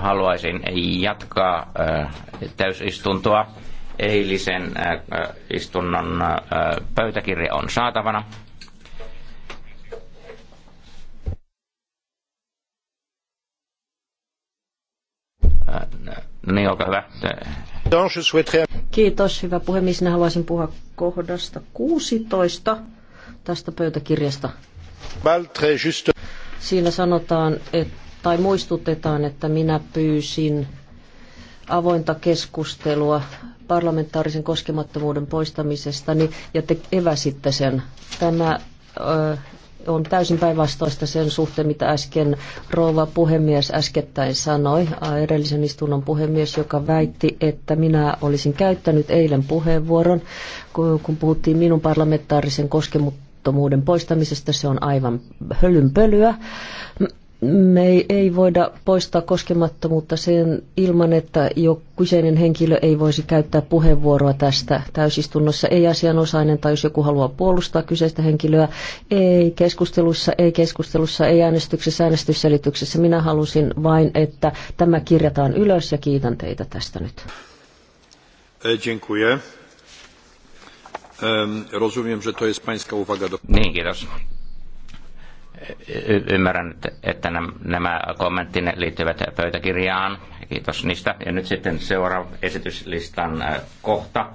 haluaisin jatkaa äh, täysistuntoa. Eilisen äh, istunnon äh, pöytäkirja on saatavana. Niin, olkaa hyvä. Kiitos, hyvä puhemies. Minä haluaisin puhua kohdasta 16 tästä pöytäkirjasta. Siinä sanotaan, että tai muistutetaan, että minä pyysin avointa keskustelua parlamentaarisen koskemattomuuden poistamisesta, niin, ja te eväsitte sen. Tämä ö, on täysin päinvastoista sen suhteen, mitä äsken rouva puhemies äskettäin sanoi, edellisen istunnon puhemies, joka väitti, että minä olisin käyttänyt eilen puheenvuoron, kun puhuttiin minun parlamentaarisen koskemattomuuden poistamisesta. Se on aivan hölynpölyä me ei, ei voida poistaa koskemattomuutta sen ilman, että jo kyseinen henkilö ei voisi käyttää puheenvuoroa tästä täysistunnossa. Ei asianosainen tai jos joku haluaa puolustaa kyseistä henkilöä, ei keskustelussa, ei keskustelussa, ei äänestyksessä, äänestysselityksessä. Minä halusin vain, että tämä kirjataan ylös ja kiitän teitä tästä nyt. E, dziękuję. Rozumiem, że to jest pańska uwaga do... Niin, kiitos ymmärrän, että nämä kommenttine liittyvät pöytäkirjaan. Kiitos niistä. Ja nyt sitten seuraava esityslistan äh, kohta.